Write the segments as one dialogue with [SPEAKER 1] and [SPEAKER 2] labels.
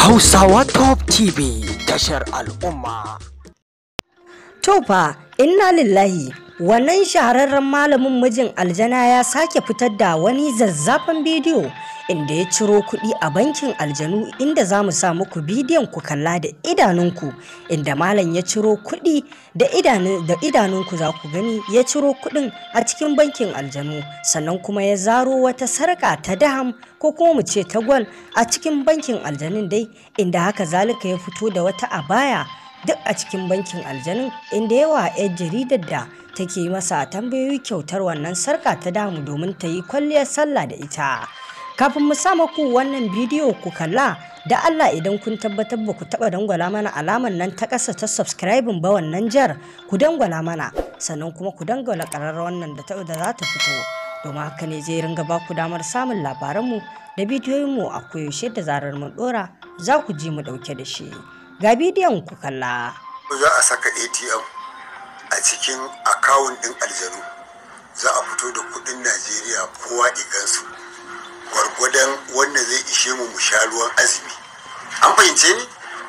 [SPEAKER 1] Hausawa Top TV tashar al'umma. To fa inna lillahi wannan shahararren malamin mijin aljana ya sake fitar da wani zazzafan bidiyo inda ya ciro kuɗi a bankin aljanu inda za mu sa muku bidiyon ku kalla da idanunku inda malam ya ciro kuɗi da idanunku za ku gani ya ciro kuɗin a cikin bankin aljanu sannan kuma ya zaro wata sarka ta daham ko kuma mu ce ta gwal a cikin bankin aljanun dai inda haka zalika ya fito da wata abaya duk a cikin bankin aljanin inda yawa yar jaridar da take masa tambayoyi kyautar wannan sarka ta damu domin ta yi kwalliyar sallah da ita kafin mu sa maku wannan bidiyo ku kalla da Allah idan kun tabbatar ba ku taba dangwala mana alamar nan ta ƙasa ta subscribing ba wannan jar ku dangwala mana sannan kuma ku dangwala ƙararrawar wannan da ta za ta fito domin haka ne zai ringa ba ku damar samun labaranmu da bidiyoyinmu a koyaushe da zarar mun ɗora za ku ji mu ɗauke da shi. Ga bidiyon ku kalla.
[SPEAKER 2] Za a saka ATM a cikin akawun ɗin aljanu. Za a fito da kuɗin Najeriya kowa igansu. Gwargwadon wanda zai ishe mu mu ruwan azumi. An fahimce ni?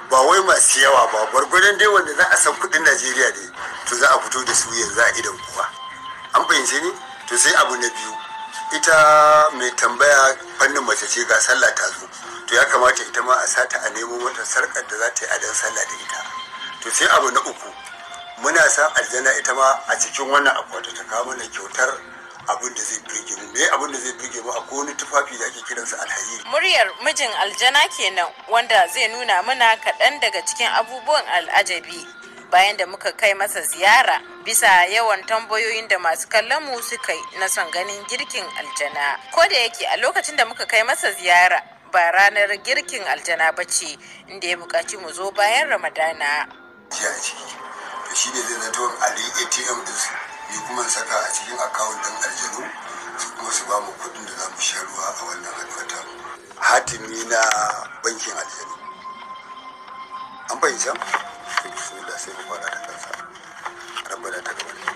[SPEAKER 2] Ba wai masu yawa ba, gwargwadon dai wanda za a san kuɗin Najeriya ne to za a fito da su yanzu a idan kowa. An fahimce ni? To sai abu na biyu. Ita mai tambaya fannin mace ce ga sallah ta zo. to ya kamata ita ma a sata a nemo mata sarƙar da za ta yi adan sallah da ita to sai abu na uku muna san aljanna ita ma a cikin wannan akwata ta kawo mana kyautar abin da zai burge mu me abin da zai burge mu akwai wani tufafi da ake kiran su alhaji
[SPEAKER 1] muryar mijin aljana kenan wanda zai nuna mana kaɗan daga cikin abubuwan al'ajabi bayan da muka kai masa ziyara bisa yawan tambayoyin da masu kallon mu suka yi na son ganin girkin aljana ko da yake a lokacin da muka kai masa ziyara ba ranar girkin aljana ba ce inda ya buƙaci mu zo bayan ramadana jiya a ciki
[SPEAKER 2] to shi ne zai zato ali atm da su ni kuma saka a cikin akawun ɗin aljanu su kuma su ba mu kuɗin da za mu sha ruwa a wannan haduwata hatimi na bankin aljanu an bayyana bismillah sai mu fara da kansa rabbana taqabbal minna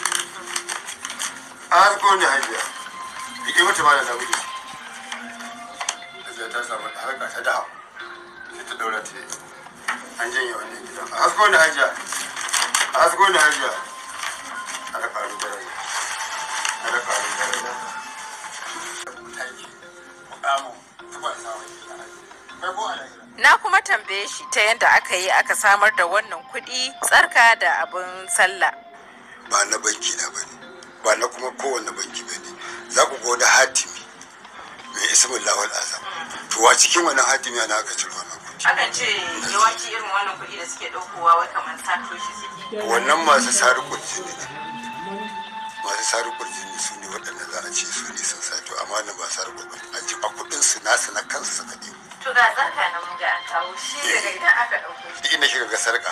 [SPEAKER 2] an haifi kowane haifiya rike mata ma da zamu ta samu da harka ta da sai ta daura ta an janye wannan gidan a hasko ne hajiya a hasko ne hajiya a da ƙaru daraja a da ƙaru daraja
[SPEAKER 1] Na kuma tambaye shi ta yadda aka yi aka samar da wannan kuɗi tsarka da abin sallah.
[SPEAKER 2] Ba na banki na bane, ba na kuma da banki bane za ku ga wani hatimi mai ismin lawal azam to a cikin wani hatimi ana aka ciro wannan
[SPEAKER 1] kuɗi aka ce yawanci irin wannan kuɗi da suke ɗaukowa wai kamar satoshi suke wannan masu
[SPEAKER 2] sari kuɗi ne masu sari kuɗi ne su ne waɗanda za a ce su ne sun sato amma na ba sari kuɗi a ji a kuɗin su nasu na kansu suka ɗebo to ga zarka nan ga an kawo shi daga eh. idan aka ɗauko shi ina shiga ga sarka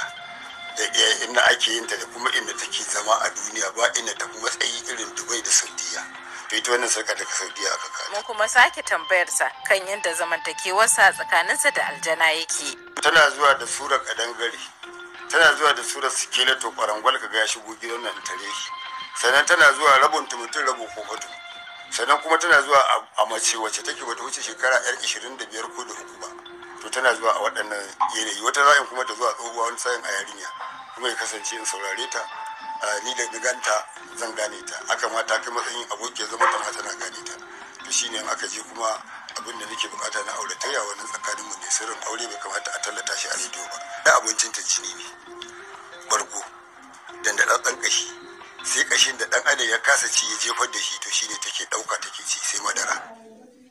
[SPEAKER 2] da inda ake yin ta da kuma inda take zama a duniya ba inda ta kuma tsayi irin dubai da saudiya to ita wannan sarka daga saudiya aka
[SPEAKER 1] kawo mun kuma sake tambayarsa kan yadda zamantakewarsa tsakaninsa da aljana yake
[SPEAKER 2] tana zuwa da sura kadangare tana zuwa da sura to kwarangwal ka ga ya shigo gidan nan tare shi sannan tana zuwa rabon mutum rabo ko kokoto sannan kuma tana zuwa a mace wacce take wata wuce shekara yar biyar ko da uku ba to tana zuwa a waɗannan yanayi wata za'in kuma ta zuwa tsohuwa wani sa'in a yarinya kuma ya kasance in saurare ta ni da ganta zan gane ta haka ma ta kai matsayin abokiyar zama ta ma tana gane ta to shine in aka je kuma abin da nake bukata na aure auratayya wani tsakanin mu ne sirrin aure bai kamata a tallata shi a rediyo ba da abincin ta jini ne da dan kashi sai kashin da ɗan adam ya kasa ci ya jefar da shi to shine take ɗauka take ci sai
[SPEAKER 1] madara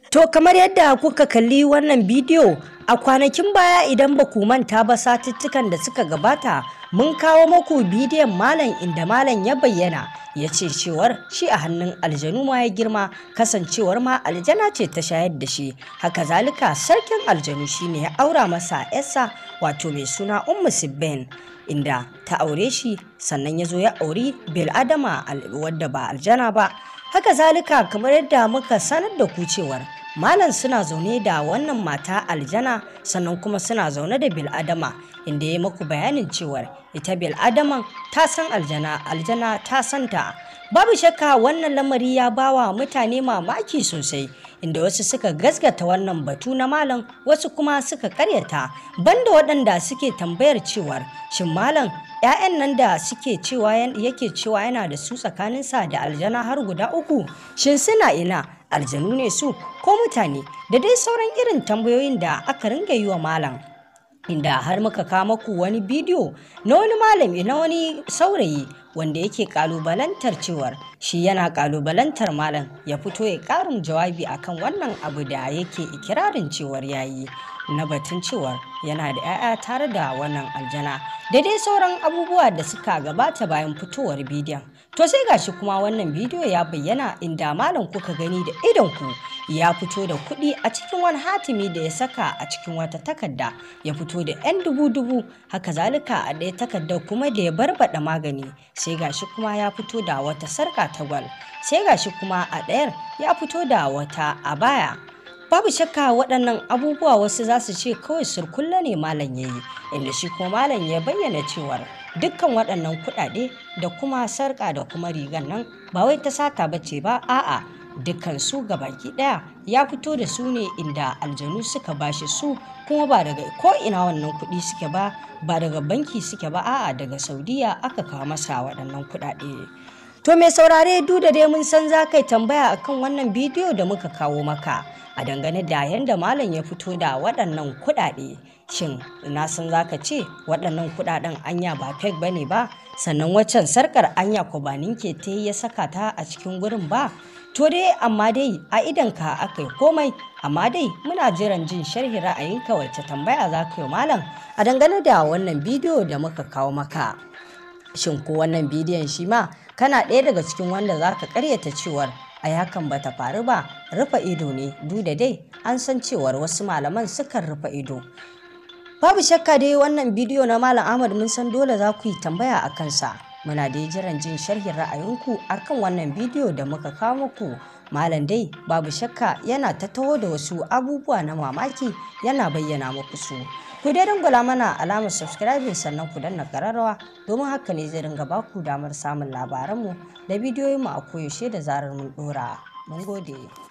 [SPEAKER 1] To kamar yadda kuka kalli wannan bidiyo a kwanakin baya idan ba ku manta ba satuttukan da suka gabata mun kawo muku bidiyon malam inda malam ya bayyana ya ce cewar shi a hannun aljanu ma ya girma kasancewar ma aljana ce ta shayar da shi haka zalika sarkin aljanu shine ya aura masa yasa wato mai suna ummu sibben inda ta aure shi sannan ya zo ya auri bil'adama wadda ba aljana ba haka zalika kamar yadda muka sanar da ku cewar malam suna zaune da wannan mata aljana sannan kuma suna zaune da bil'adama inda ya muku bayanin cewar ita bil'adaman ta san aljana aljana ta san ta babu shakka wannan lamari ya bawa mutane mamaki sosai inda wasu suka gasgata wannan batu na malam wasu kuma suka karyata banda waɗanda suke tambayar cewar shin malam 'ya'yan nan da suke cewa yake cewa yana da su tsakaninsa da aljana har guda uku shin suna ina aljanu ne su ko mutane da dai sauran irin tambayoyin da aka ringa yi wa malam inda har muka kama ku wani bidiyo na wani malami na wani saurayi wanda yake kalubalantar cewar shi yana kalubalantar malam ya fito ya karin jawabi akan wannan abu da yake ikirarin cewar yayi na batun cewar yana da 'ya'ya tare da wannan aljana da dai sauran abubuwa da suka gabata bayan fitowar bidiyon To sai gashi kuma wannan bidiyo ya bayyana inda malam kuka gani da ku ya fito da kuɗi a cikin wani hatimi da ya saka a cikin wata takarda ya fito da 'yan dubu-dubu haka zalika a ɗaya takardar kuma da ya barbaɗa magani sai gashi kuma ya fito da wata sarka ta gwal sai gashi kuma a ɗayar ya fito da wata a baya babu shakka waɗannan abubuwa wasu za su ce kawai surkulla ne malam ya yi inda shi kuma malam ya bayyana cewar dukkan waɗannan kuɗaɗe da kuma sarƙa da kuma rigan nan ba wai ta sata ba ce ba a'a dukkan su ga baki ɗaya ya fito da su ne inda aljanu suka ba shi su kuma ba daga ko ina wannan kuɗi suke ba ba daga banki suke ba a'a daga saudiya aka kawo masa waɗannan kuɗaɗe To mai saurare du da dai mun san za kai tambaya akan wannan bidiyo da muka kawo maka a dangane da yadda malam ya fito da waɗannan kuɗaɗe. Shin ina san za ka ce waɗannan kuɗaɗen anya ba fek ba ne ba sannan waccan sarkar anya ko ba ninke ta ya saka ta a cikin wurin ba. To dai amma dai a ka aka yi komai amma dai muna jiran jin sharhi ra'ayinka wacce tambaya za ka yi malam a dangane da wannan bidiyo da muka kawo maka. Shin ko wannan bidiyon shi ma kana ɗaya daga cikin wanda za ka karyata cewar a hakan ba ta faru ba rufe ido ne duk da dai an san cewar wasu malaman sukan rufe ido babu shakka dai wannan bidiyo na malam ahmad mun san dole za ku yi tambaya a kansa muna da jiran jin sharhin ra'ayinku akan wannan bidiyo da muka kawo muku Malam dai babu shakka yana ta taho da wasu abubuwa na mamaki yana bayyana muku su. Ku dai dangula mana alamar subscribing sannan ku danna kararrawa domin haka ne zai ringa baku damar samun labaranmu da bidiyoyinmu a koyaushe da zarar mun ɗora. Mun gode.